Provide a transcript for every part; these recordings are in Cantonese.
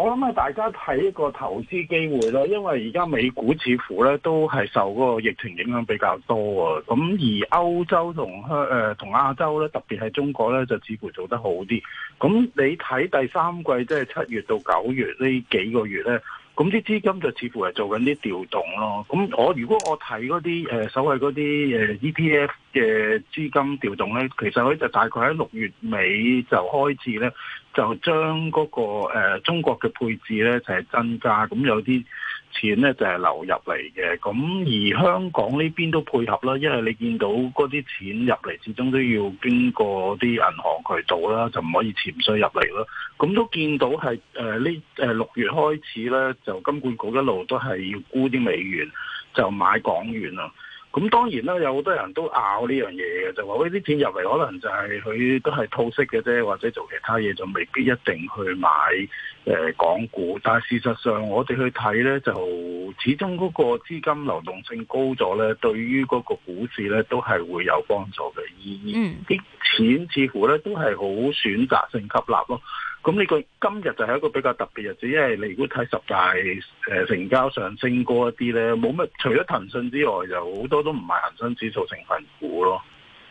我諗啊，大家睇一個投資機會啦，因為而家美股似乎咧都係受嗰個疫情影響比較多啊。咁而歐洲同香誒同亞洲咧，特別係中國咧，就似乎做得好啲。咁你睇第三季，即係七月到九月呢幾個月咧？咁啲資金就似乎係做緊啲調動咯。咁我如果我睇嗰啲誒所謂嗰啲 ETF 嘅資金調動咧，其實佢就大概喺六月尾就開始咧，就將嗰個誒中國嘅配置咧就係增加，咁有啲，錢咧就係、是、流入嚟嘅，咁而香港呢邊都配合啦，因為你見到嗰啲錢入嚟，始終都要經過啲銀行渠道啦，就唔可以潛水入嚟啦。咁都見到係誒呢誒六月開始咧，就金管局一路都係要沽啲美元，就買港元啦。咁當然啦，有好多人都拗呢樣嘢嘅，就話喂，啲錢入嚟可能就係佢都係套息嘅啫，或者做其他嘢就未必一定去買、呃、港股。但係事實上，我哋去睇咧，就始終嗰個資金流動性高咗咧，對於嗰個股市咧都係會有幫助嘅意義。啲錢似乎咧都係好選擇性吸納咯。咁呢個今日就係一個比較特別日子，因為你如果睇十大誒，成交上升過一啲咧，冇乜除咗騰訊之外，有好多都唔係恒生指數成分股咯。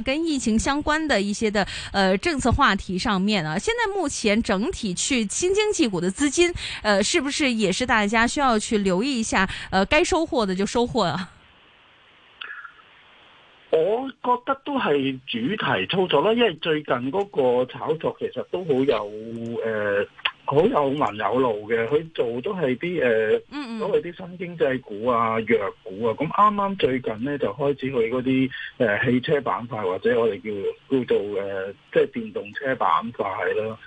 跟疫情相關的一些的呃政策話題上面啊，現在目前整體去新經濟股的資金，呃，是不是也是大家需要去留意一下？呃，該收穫的就收穫啊。我覺得都係主題操作啦，因為最近嗰個炒作其實都好有誒。呃好有文有路嘅，佢做都係啲誒所謂啲新經濟股啊、弱股啊。咁啱啱最近咧就開始去嗰啲誒汽車板塊，或者我哋叫叫做誒即係電動車板塊咯。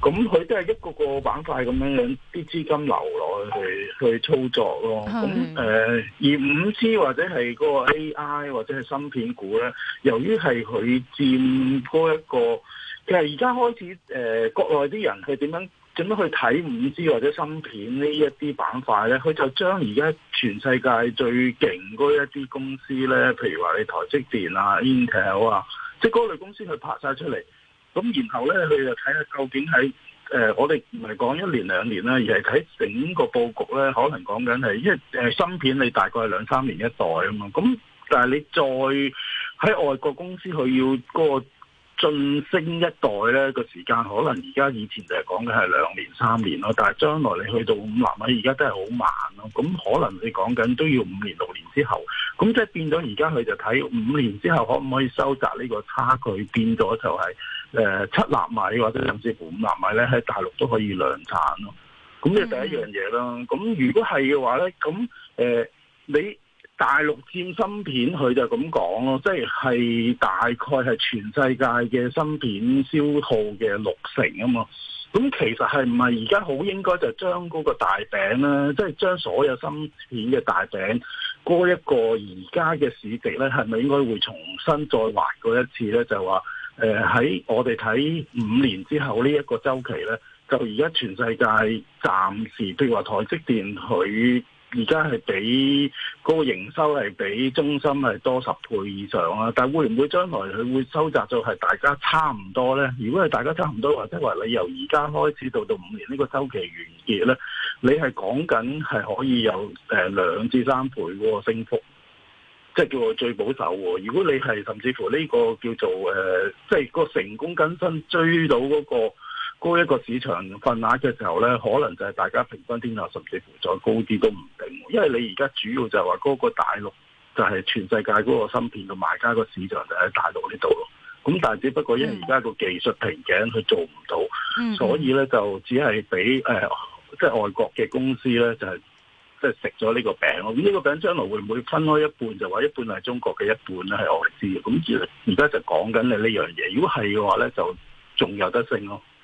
咁佢都係一個個板塊咁樣樣啲資金流落去去操作咯。咁誒、呃、而五 G 或者係個 AI 或者係芯片股咧，由於係佢佔嗰一個，其實而家開始誒、呃、國內啲人佢點樣？點樣去睇五 G 或者芯片呢一啲板塊呢？佢就將而家全世界最勁嗰一啲公司呢，譬如話你台積電啊、Intel 啊，即係嗰類公司去拍晒出嚟。咁然後呢，佢就睇下究竟喺誒、呃，我哋唔係講一年兩年啦，而係睇整個佈局呢，可能講緊係，因為誒芯片你大概係兩三年一代啊嘛。咁但係你再喺外國公司佢要嗰、那個。晉升一代咧個時間，可能而家以前就係講嘅係兩年三年咯，但係將來你去到五納米現在很，而家都係好慢咯。咁可能你講緊都要五年六年之後，咁即係變咗而家佢就睇五年之後可唔可以收窄呢個差距，變咗就係誒七納米或者甚至乎五納米咧喺大陸都可以量產咯。咁係第一樣嘢啦。咁、mm -hmm. 如果係嘅話咧，咁誒、呃、你。大陸佔芯片佢就咁講咯，即係大概係全世界嘅芯片消耗嘅六成啊嘛。咁其實係唔係而家好應該就將嗰個大餅咧，即係將所有芯片嘅大餅，過一個而家嘅市值咧，係咪應該會重新再劃過一次咧？就話誒喺我哋睇五年之後呢一個周期咧，就而家全世界暫時譬如話台積電佢。而家係比嗰個營收係比中心係多十倍以上啊！但會唔會將來佢會收窄到係大家差唔多咧？如果係大家差唔多，或者話你由而家開始到到五年呢個週期完結咧，你係講緊係可以有兩至三倍喎升幅，即、就、係、是、叫做最保守喎。如果你係甚至乎呢個叫做即係、呃就是、個成功跟新追到嗰、那個。高一個市場份額嘅時候咧，可能就係大家平均天下，甚至乎再高啲都唔定。因為你而家主要就係話嗰個大陸就係全世界嗰個芯片嘅買家，個市場就喺大陸呢度咯。咁但係只不過因為而家個技術瓶頸佢做唔到，所以咧就只係俾誒即係外國嘅公司咧就係即係食咗呢個餅咯。咁呢個餅將來會唔會分開一半就話一半係中國嘅，一半咧係外資嘅？咁而而家就講緊你呢樣嘢。如果係嘅話咧，就仲有得升咯。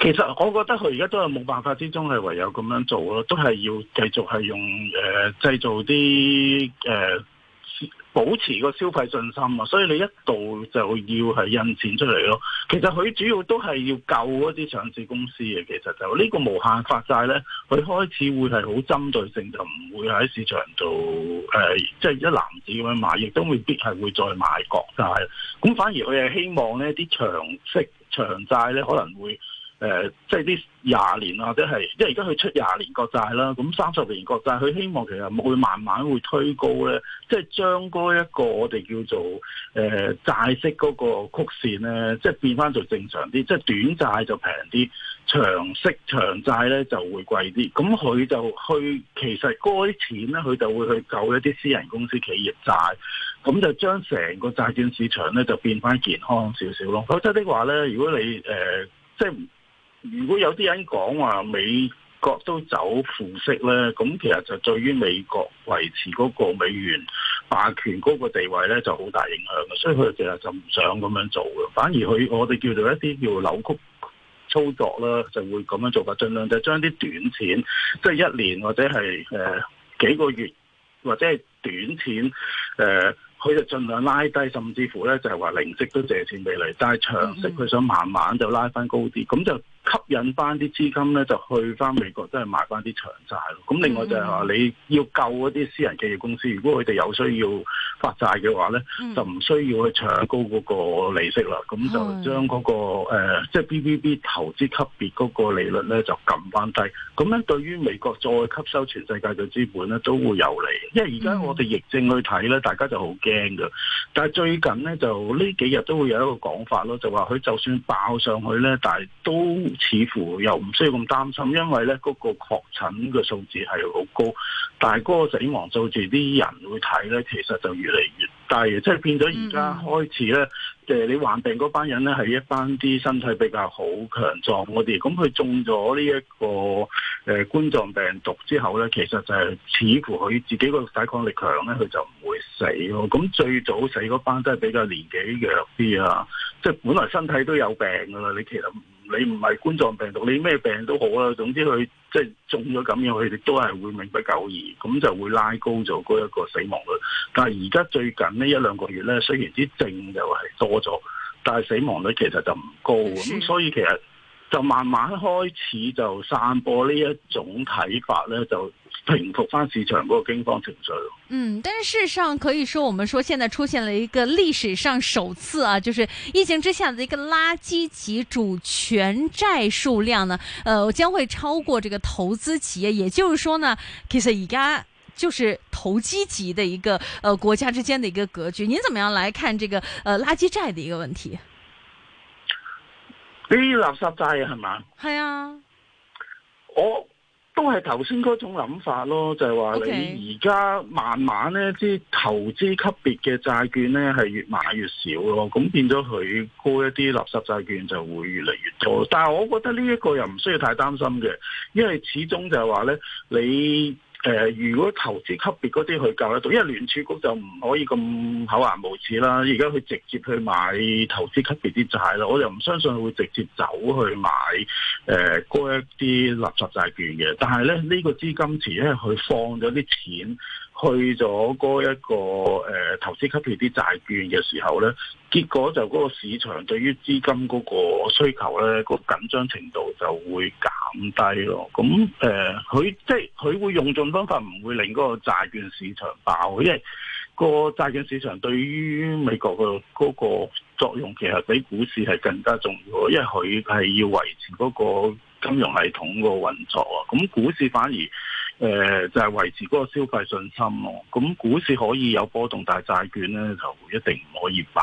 其實我覺得佢而家都係冇辦法之中，係唯有咁樣做咯，都係要繼續係用誒、呃、製造啲誒、呃、保持個消費信心啊！所以你一度就要係印錢出嚟咯。其實佢主要都係要救嗰啲上市公司嘅。其實就呢個無限發債咧，佢開始會係好針對性，就唔會喺市場度誒，即、呃、係、就是、一籃子咁樣買，亦都未必係會再買國債。咁反而佢係希望咧，啲長息長債咧可能會。誒、呃，即係啲廿年或者係，因為而家佢出廿年國債啦，咁三十年國債，佢希望其實會慢慢會推高咧，即係將嗰一個我哋叫做誒、呃、債息嗰個曲線咧，即係變翻做正常啲，即係短債就平啲，長息長債咧就會貴啲。咁佢就去其實嗰啲錢咧，佢就會去救一啲私人公司企業債，咁就將成個債券市場咧就變翻健康少少咯。否則的話咧，如果你誒、呃、即係，如果有啲人講話美國都走負息咧，咁其實就對於美國維持嗰個美元霸權嗰個地位咧就好大影響嘅，所以佢就成日就唔想咁樣做嘅，反而佢我哋叫做一啲叫扭曲操作啦，就會咁樣做，話儘量就是將啲短錢，即係一年或者係、呃、幾個月或者係短錢誒，佢、呃、就盡量拉低，甚至乎咧就係話零息都借錢俾你，但係長息佢想慢慢就拉翻高啲，咁就。吸引翻啲資金咧，就去翻美國，即係買翻啲長債咯。咁另外就係話，嗯，你要救一啲私人企業公司，如果佢哋有需要。發債嘅話咧，就唔需要去搶高嗰個利息啦。咁就將嗰個誒，即係 B B B 投資級別嗰個利率咧，就撳翻低。咁咧，對於美國再吸收全世界嘅資本咧，都會有利。因為而家我哋疫症去睇咧，大家就好驚㗎。但係最近咧，就呢幾日都會有一個講法咯，就話佢就算爆上去咧，但係都似乎又唔需要咁擔心，因為咧嗰個確診嘅數字係好高，但係嗰個死亡數字啲人會睇咧，其實就越嚟越低，即係變咗而家開始咧，誒、嗯呃，你患病嗰班人咧，係一班啲身體比較好強壯，強壯嗰啲，咁佢中咗呢一個誒冠狀病毒之後咧，其實就係似乎佢自己個抵抗力強咧，佢就唔會死咯。咁最早死嗰班都係比較年紀弱啲啊，即係本來身體都有病噶啦。你其實你唔係冠狀病毒，你咩病都好啦，總之佢。即係中咗咁樣，佢哋都係會命不久矣，咁就會拉高咗嗰一個死亡率。但係而家最近呢一兩個月咧，雖然啲症又係多咗，但係死亡率其實就唔高。咁所以其實就慢慢開始就散播呢一種睇法咧就。平復翻市場嗰個驚慌情緒。嗯，但事實上可以說，我們說現在出現了一個歷史上首次啊，就是疫情之下的一個垃圾級主權債數量呢，呃，將會超過這個投資企業。也就是說呢，其實而家就是投機級的一個，呃，國家之間的一個格局。您怎麼樣來看這個，呃，垃圾債的一個問題？啲垃圾債係咪？係啊，我。都係頭先嗰種諗法咯，就係話你而家慢慢咧，啲投資級別嘅債券咧係越買越少咯，咁變咗佢高一啲垃圾債券就會越嚟越多。但係我覺得呢一個又唔需要太擔心嘅，因為始終就係話咧你。誒、呃，如果投資級別嗰啲去救得到，因為聯儲局就唔可以咁口硬無恥啦。而家佢直接去買投資級別啲債咯，我又唔相信佢會直接走去買誒嗰、呃、一啲垃圾債券嘅。但係咧，呢、這個資金池咧，佢放咗啲錢去咗嗰一個誒、呃、投資級別啲債券嘅時候咧。結果就嗰個市場對於資金嗰個需求咧，個緊張程度就會減低咯。咁誒，佢、呃、即係佢會用盡方法，唔會令嗰個債券市場爆，因為個債券市場對於美國嘅嗰個作用其實比股市係更加重要，因為佢係要維持嗰個金融系統個運作啊。咁股市反而誒、呃、就係、是、維持嗰個消費信心咯。咁股市可以有波動，但係債券咧就一定唔可以爆。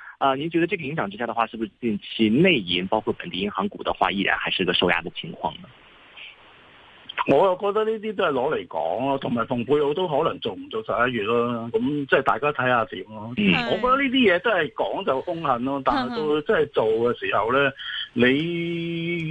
啊，你覺得這個影響之下的話，是不是近期內銀包括本地銀行股的話，依然還是個受壓嘅情況呢？我又覺得呢啲都係攞嚟講咯，同埋蓬佩奧都可能做唔做十一月咯。咁即係大家睇下點咯。我覺得呢啲嘢都係講就兇狠咯，但係到即係做嘅時候呢，你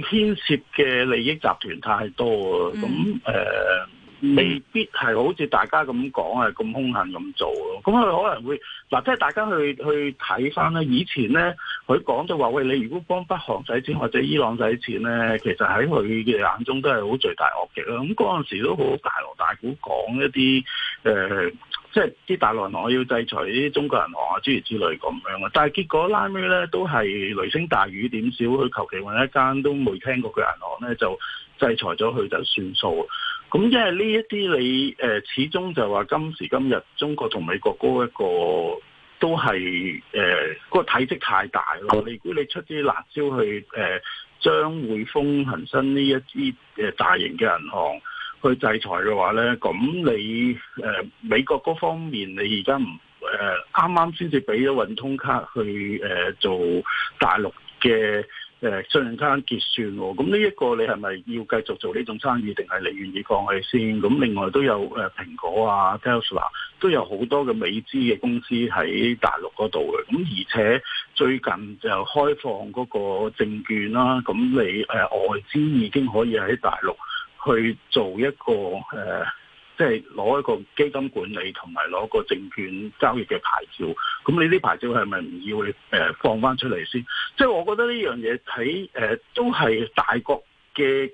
牽涉嘅利益集團太多咁誒。未必係好似大家咁講係咁兇狠咁做咯，咁佢可能會嗱，即、啊、係大家去去睇翻咧，以前咧佢講就話喂，你如果幫北韓洗錢或者伊朗洗錢咧，其實喺佢嘅眼中都係好罪大惡極啦。咁嗰陣時都好大鑼大鼓講一啲誒，即係啲大銀行要制裁啲中國銀行啊之類之類咁樣啊。但係結果拉尾咧都係雷聲大雨點小，佢求其揾一間都未聽過嘅銀行咧就制裁咗佢就算數。咁即係呢一啲你誒、呃、始終就話今時今日中國同美國嗰一個都係誒嗰個體積太大咯。如果你出啲辣椒去誒將、呃、匯豐、恒生呢一啲大型嘅銀行去制裁嘅話咧，咁你誒、呃、美國嗰方面你而家唔誒啱啱先至俾咗運通卡去誒、呃、做大陸嘅。誒信用卡結算喎，咁呢一個你係咪要繼續做呢種生意，定係你願意過去先？咁另外都有蘋果啊、啊、Tesla，都有好多嘅美資嘅公司喺大陸嗰度嘅。咁而且最近就開放嗰個證券啦，咁你、呃、外資已經可以喺大陸去做一個誒。呃即係攞一個基金管理同埋攞個證券交易嘅牌照，咁你啲牌照係咪唔要？誒，放翻出嚟先。即係我覺得呢樣嘢喺，誒，都係大國嘅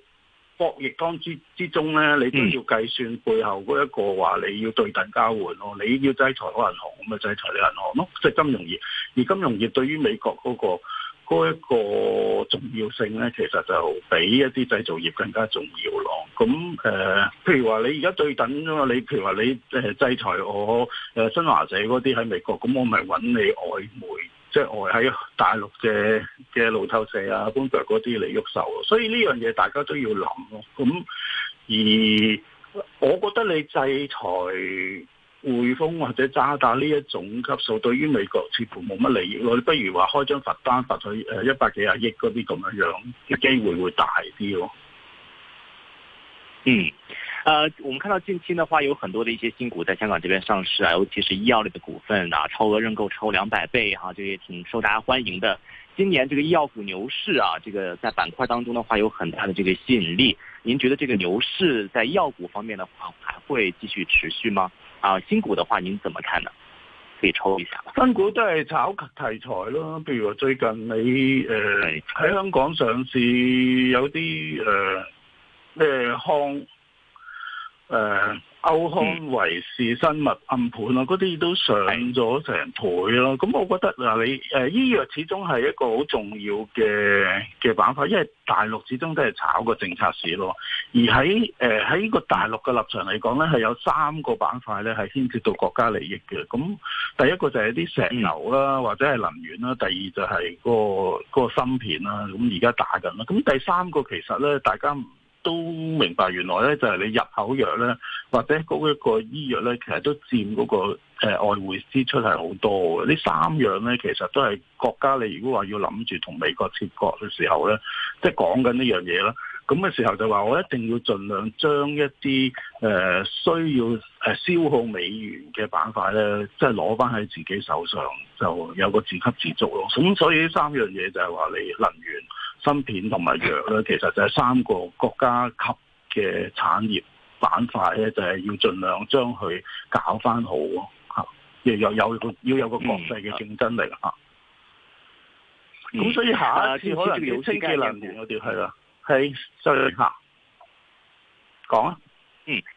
博弈當之之中咧，你都要計算背後嗰一個話，你要對等交換咯。你要制裁嗰銀行，咁咪制裁你銀行咯，即係金融業。而金融業對於美國嗰個。嗰一個重要性咧，其實就比一啲製造業更加重要咯。咁誒，譬如話你而家對等啫嘛，你譬如話你誒制裁我誒新華社嗰啲喺美國，咁我咪揾你外媒，即係外喺大陸嘅嘅路透社啊、彭博嗰啲嚟喐手啊。所以呢樣嘢大家都要諗咯啊。咁而我覺得你制裁。匯豐或者渣打呢一種級數，對於美國似乎冇乜利益，我哋不如話開張罰單罰咗誒一百幾啊億嗰啲咁樣樣，嘅機會會大啲咯？嗯，誒、呃，我們看到近期的話，有很多的一些新股在香港這邊上市啊，尤其是醫藥類的股份啊，超額認購超兩百倍哈、啊，就也挺受大家歡迎的。今年這個醫藥股牛市啊，這個在板塊當中的話有很大的這個吸引力。您覺得這個牛市在醫藥股方面的話，還會繼續持續嗎？啊，新股嘅話您怎麼看呢？可以抽一下。新股都係炒題材咯，譬如話最近你誒喺、呃、香港上市有啲誒咩康誒。呃呃歐康維視生物暗盤啊，嗰啲都上咗成倍咯。咁我覺得嗱，你誒、呃、醫藥始終係一個好重要嘅嘅板塊，因為大陸始終都係炒個政策市咯。而喺誒喺呢個大陸嘅立場嚟講咧，係有三個板塊咧係牽涉到國家利益嘅。咁第一個就係啲石油啦、嗯，或者係能源啦；第二就係、嗰個、嗰個芯片啦。咁而家打緊啦。咁第三個其實咧，大家。都明白，原來咧就係、是、你入口藥咧，或者嗰個醫藥咧，其實都佔嗰、那個、呃、外匯支出係好多嘅。呢三樣咧，其實都係國家你如果話要諗住同美國切割嘅時候咧，即係講緊呢樣嘢啦。咁嘅時候就話我一定要盡量將一啲、呃、需要消耗美元嘅板塊咧，即係攞翻喺自己手上，就有個自給自足咯。咁所以呢三樣嘢就係話你能源。芯片同埋藥咧，其實就係三個國家級嘅產業板塊咧，就係、是、要盡量將佢搞返好咯，吓要有有個要有個國際嘅競爭力吓。咁、嗯、所以下一次可能清技能年我哋去啦，係所以。r 吓，講啊，嗯。嗯嗯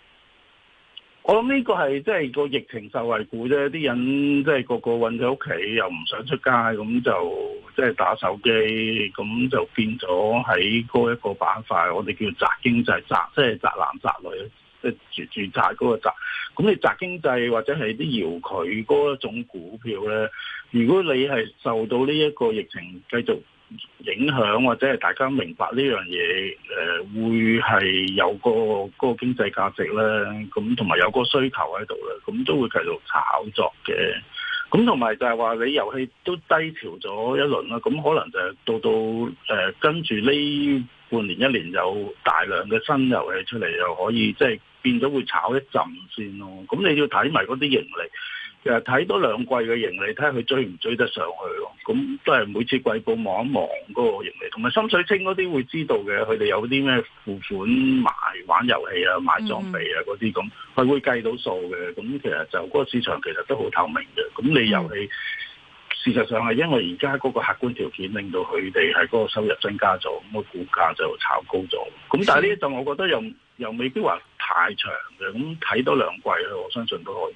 我諗呢個係即係個疫情受惠股啫，啲人即係、就是，個個韞咗屋企，又唔想出街，咁就即係、就是，打手機，咁就變咗喺嗰一個板塊，我哋叫宅經濟，宅即係宅男宅女，就是，即係住住宅嗰個宅。咁你宅經濟或者係啲搖佢嗰一種股票咧，如果你係受到呢一個疫情繼續影響或者係大家明白呢樣嘢，誒、呃、會係有個嗰個經濟價值咧，咁同埋有個需求喺度咧，咁、嗯、都會繼續炒作嘅。咁同埋就係話，你遊戲都低潮咗一輪啦，咁、嗯、可能就係到到誒、呃、跟住呢半年一年有大量嘅新遊戲出嚟，又可以即係、就是、變咗會炒一陣先咯。咁、嗯、你、嗯、要睇埋嗰啲盈利。其實睇多兩季嘅盈利，睇下佢追唔追得上去咯。咁都係每次季報望一望嗰個盈利，同埋深水清嗰啲會知道嘅，佢哋有啲咩付款買玩遊戲啊、買裝備啊嗰啲咁，佢會計到數嘅。咁其實就嗰、嗰個市場其實都好透明嘅。咁你遊戲、嗯、事實上係因為而家嗰個客觀條件令到佢哋係嗰個收入增加咗，咁、嗰個股價就炒高咗。咁但係呢一度，我覺得又又未必話太長嘅。咁睇多兩季，我相信都可以。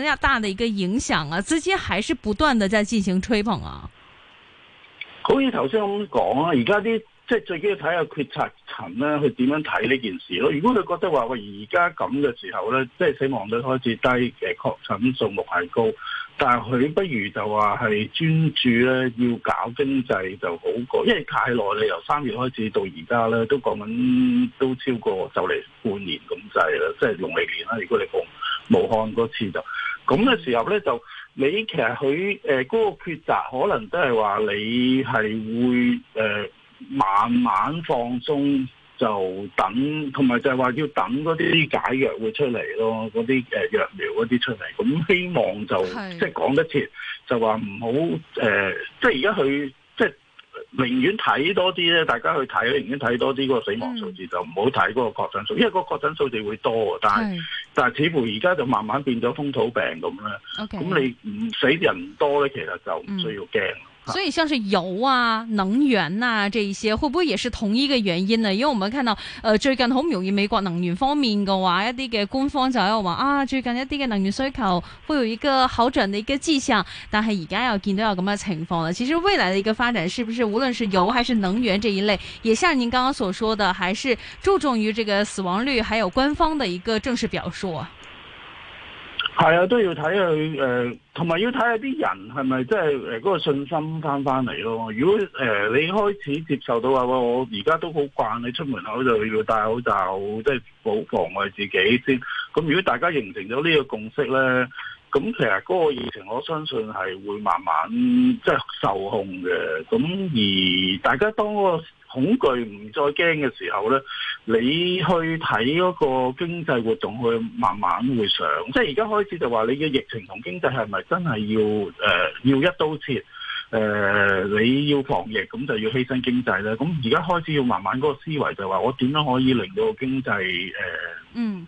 比較大嘅一個影響啊，資金還是不斷地在進行吹捧啊。好似頭先咁講啊，而家啲即係最緊要睇下決策層咧，佢點樣睇呢件事咯。如果佢覺得話喂，而家咁嘅時候咧，即係死亡率開始低，嘅確診數目係高，但係佢不如就話係專注咧要搞經濟就好過，因為太耐啦。由三月開始到而家咧，都講緊都超過就嚟半年咁滯啦，即係農曆年啦。如果你講武漢嗰次就。咁嘅時候咧，就你其實佢嗰、呃那個抉擇，可能都係話你係會誒、呃、慢慢放鬆，就等，同埋就係話要等嗰啲解藥會出嚟咯，嗰啲誒藥療嗰啲出嚟。咁、嗯、希望就即係講得切，就話唔好誒，即係而家佢。寧願睇多啲咧，大家去睇，寧願睇多啲個死亡數字，嗯、就唔好睇嗰個確診數，因為個確診數字會多，但係但係似乎而家就慢慢變咗風土病咁咧。咁、Okay，你唔死人多咧、嗯，其實就唔需要驚。所以，像是油啊、能源啊，這一些，會不會也是同一個原因呢？因為我們看到，誒、呃，最近好唔容易，美國能源方面的話，一啲嘅官方就喺度話，啊，最近一啲嘅能源需求會有一個好轉嘅一個跡象，但係而家又見到有咁嘅情況啦。其實未來嘅一個發展，是不是無論是油還是能源這一類，也像您剛剛所說的，還是注重於這個死亡率，還有官方嘅一個正式表述。係啊，都要睇佢誒，同埋要睇下啲人係咪即係誒嗰個信心翻翻嚟咯。如果、呃、你開始接受到話，我而家都好慣，你出門口就要戴口罩，即係保防衞自己先。咁如果大家形成咗呢個共識咧，咁其實嗰個疫情我相信係會慢慢即係受控嘅。咁而大家當嗰個。恐懼唔再驚嘅時候呢，你去睇嗰個經濟活動，去慢慢會上。即係而家開始就話，你嘅疫情同經濟係咪真係要誒、呃，要一刀切？誒、呃，你要防疫咁就要犧牲經濟呢。咁而家開始要慢慢嗰個思維就話，我點樣可以令到經濟誒嗯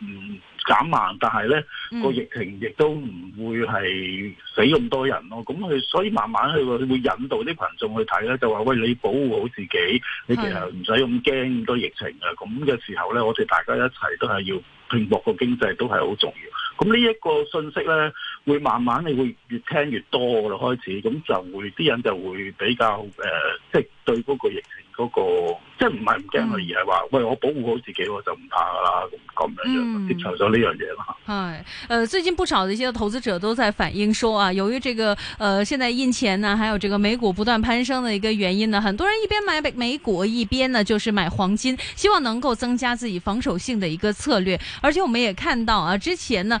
嗯。嗯減慢，但係呢個疫情亦都唔會係死咁多人咯。咁佢所以慢慢去會引導啲群眾去睇呢，就話喂，你保護好自己，你其實唔使咁驚咁多疫情啊。咁嘅時候呢，我哋大家一齊都係要拼搏個經濟，都係好重要。咁呢一個信息咧，會慢慢你會越聽越多咯，開始咁就會啲人就會比較誒、呃，即係對嗰個疫情嗰、那個，即係唔係唔驚佢，而係話喂，我保護好自己我就唔怕噶啦，咁咁樣就接受咗呢樣嘢啦係，呃，最近不少的一些投資者都在反映說啊，由於這個，呃現在印錢呢，還有這個美股不斷攀升的一個原因呢，很多人一邊買美美股，一邊呢就是買黃金，希望能夠增加自己防守性的一個策略。而且我們也看到啊，之前呢。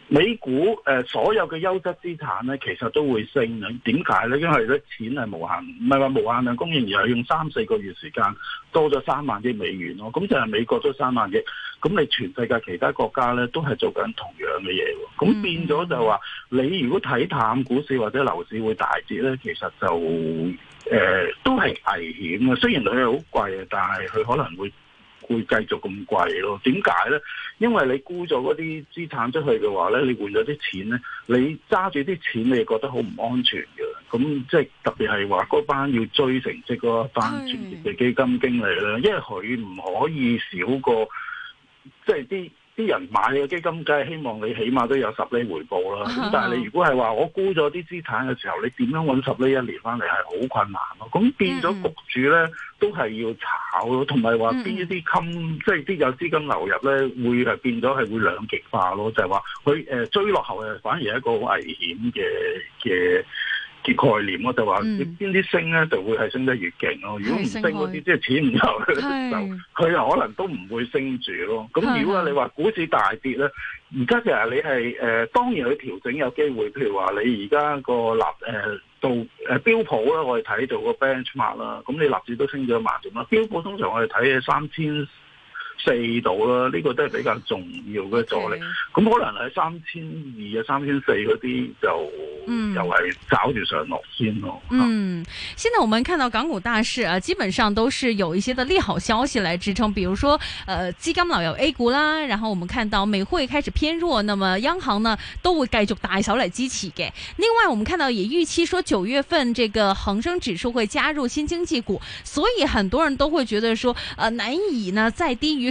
美股誒、呃、所有嘅優質資產咧，其實都會升啊！點解咧？因為咧，錢係無限，唔係話無限量供應，而係用三四個月時間多咗三萬億美元咯。咁就係美國都三萬億，咁你全世界其他國家咧都係做緊同樣嘅嘢，咁變咗就話你如果睇淡股市或者樓市會大跌咧，其實就誒、呃、都係危險嘅。雖然佢係好貴啊，但係佢可能會會繼續咁貴咯。點解咧？因為你沽咗嗰啲資產出去嘅話咧，你換咗啲錢咧，你揸住啲錢你又覺得好唔安全嘅。咁即係特別係話嗰班要追成績嗰班專業嘅基金經理咧，因為佢唔可以少過即係啲。即是啲人買嘅基金，梗係希望你起碼都有十厘回報啦。但係你如果係話我沽咗啲資產嘅時候，你點樣揾十厘一年翻嚟係好困難咯。咁變咗局住咧，都係要炒，同埋話邊一啲金，即係啲有資金流入咧，會係變咗係會兩極化咯。就係話佢誒追落後誒，反而係一個好危險嘅嘅。的概念我就話，邊啲升咧就會係升得越勁咯、嗯。如果唔升嗰啲，即係錢唔入，就佢、是、 可能都唔會升住咯。咁如果你話股市大跌咧，而家其實你係誒、呃、當然去調整有機會。譬如話你而家個立誒道誒標普咧，我哋睇到個 benchmark 啦，咁你納指都升咗一萬點啦。標普通常我哋睇嘅三千四度啦，呢、這個都係比較重要嘅助力。咁可能喺三千二啊、三千四嗰啲就就係搞住上落先咯。嗯，現在我們看到港股大市啊，基本上都是有一些的利好消息來支撐，比如說，呃，資金流入 A 股啦，然後我們看到美匯開始偏弱，那麼央行呢都會繼續大手嚟支持嘅。另外，我們看到也預期說九月份這個恒生指數會加入新經濟股，所以很多人都會覺得說，呃，難以呢再低於。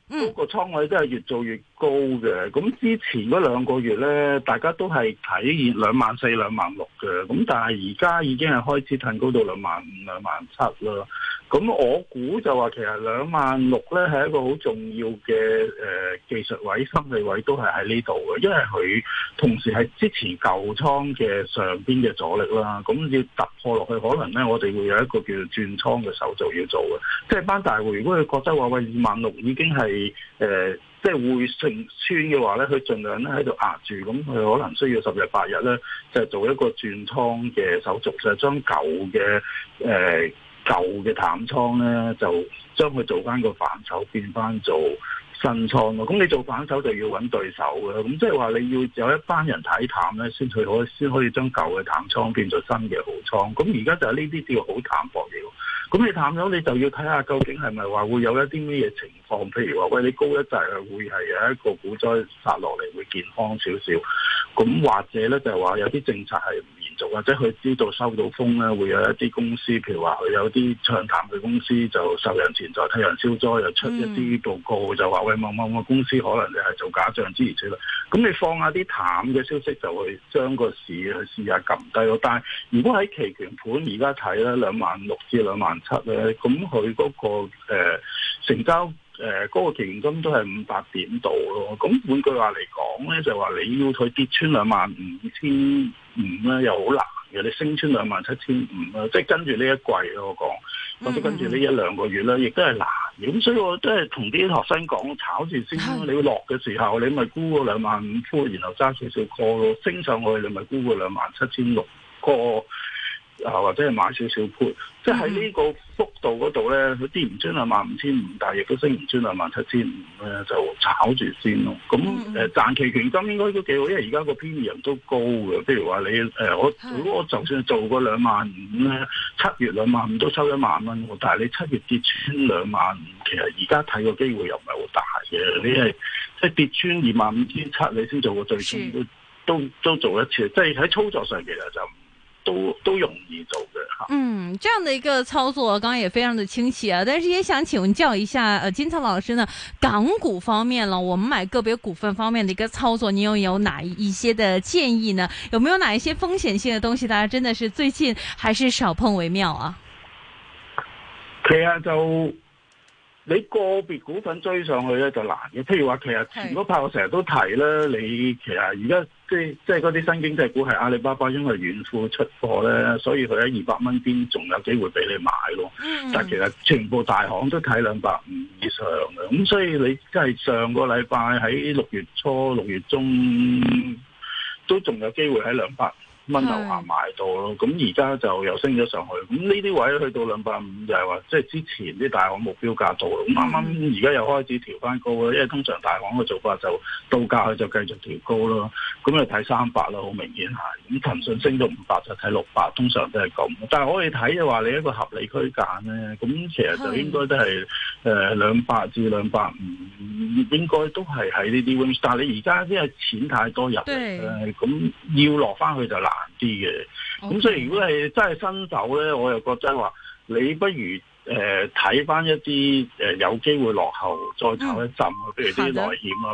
個、嗯、倉位真係越做越高嘅，咁之前嗰兩個月呢，大家都係睇二兩萬四、兩萬六嘅，咁但係而家已經係開始騰高到兩萬五、兩萬七啦。咁我估就話其實兩萬六咧係一個好重要嘅誒、呃、技術位、心理位都係喺呢度嘅，因為佢同時係之前舊倉嘅上邊嘅阻力啦。咁要突破落去，可能咧我哋會有一個叫做轉倉嘅手續要做嘅。即係班大戶，如果佢覺得話喂，二萬六已經係即係會升穿嘅話咧，佢儘量咧喺度壓住，咁佢可能需要十日八日咧就係做一個轉倉嘅手續，就係將舊嘅誒。呃舊嘅淡倉咧，就將佢做翻個反手，變翻做新倉咯。咁你做反手就要揾對手嘅。咁即係話你要有一班人睇淡咧，先可以先可以將舊嘅淡倉變做新嘅好倉。咁而家就係呢啲叫好淡薄嘢。咁你淡咗，你就要睇下究竟係咪話會有一啲咩嘢情況？譬如話，喂，你高一滯呀，會係有一個股災殺落嚟，會健康少少。咁或者咧，就係話有啲政策係。或者佢知道收到風咧，會有一啲公司，譬如話佢有啲唱淡嘅公司，就受人錢財、就替人消災，又出一啲報告，嗯、就話喂，某某個公司可能就係做假賬諸如此類。咁你放下啲淡嘅消息，就會將個市去試下撳低咯。但係如果喺期權盤而家睇咧，兩萬六至兩萬七咧，咁佢嗰個成交。誒、呃、嗰、那個期金都係五百點度咯，咁換句話嚟講咧，就話你要佢跌穿兩萬五千五咧，又好難嘅；你升穿兩萬七千五咧，即係跟住呢一季我講，或者跟住呢一兩個月咧，亦、嗯嗯、都係難。咁所以我都係同啲學生講，炒住先啦。你要落嘅時候，你咪估個兩萬五沽，然後揸少少貨咯；升上去你咪估個兩萬七千六過。啊，或者係買少少盤，即係喺呢個幅度嗰度咧，佢跌唔穿兩萬五千五，但係亦都升唔穿兩萬七千五咧，就炒住先咯。咁誒賺期權金應該都幾好，因為而家個編人都高嘅。譬如話你誒，我如果我就算做過兩萬五咧，七月兩萬五都收一萬蚊喎。但係你七月跌穿兩萬五，其實而家睇個機會又唔係好大嘅。你係即係跌穿二萬五千七，你先做個最穿都都都做一次，即係喺操作上其實就。都都容易做的。哈、啊，嗯，這樣的一個操作，剛剛也非常的清晰啊。但是也想請教一下，呃，金曹老師呢，港股方面咯，我們買個別股份方面的一個操作，你又有哪一些的建議呢？有沒有哪一些風險性的東西，大家真的是最近還是少碰為妙啊？其實就。你個別股份追上去咧就難嘅，譬如話其實前嗰排我成日都提咧，你其實而家即係即係嗰啲新經濟股係阿里巴巴，因為軟庫出貨咧、嗯，所以佢喺二百蚊邊仲有機會俾你買咯。嗯、但係其實全部大行都睇兩百五以上嘅，咁所以你即係上個禮拜喺六月初六月中、嗯、都仲有機會喺兩百蚊下到咯，咁而家就又升咗上去。咁呢啲位去到兩百五就係話，即係之前啲大行目標價到咯，啱啱而家又開始調翻高啦，因為通常大行嘅做法就到價佢就繼續調高咯。咁你睇三百啦，好明顯係。咁騰訊升到五百就睇六百，通常都係咁。但係我哋睇嘅話，你一個合理區間咧，咁其實就應該都係誒兩百至兩百五，應該都係喺呢啲 range 但係你而家因為錢太多入，咁要落翻去就難，難啲嘅，咁所以如果係真係新手咧，我又覺得話你不如誒睇翻一啲誒、呃，有機會落後再炒一陣，譬 如啲內險啊。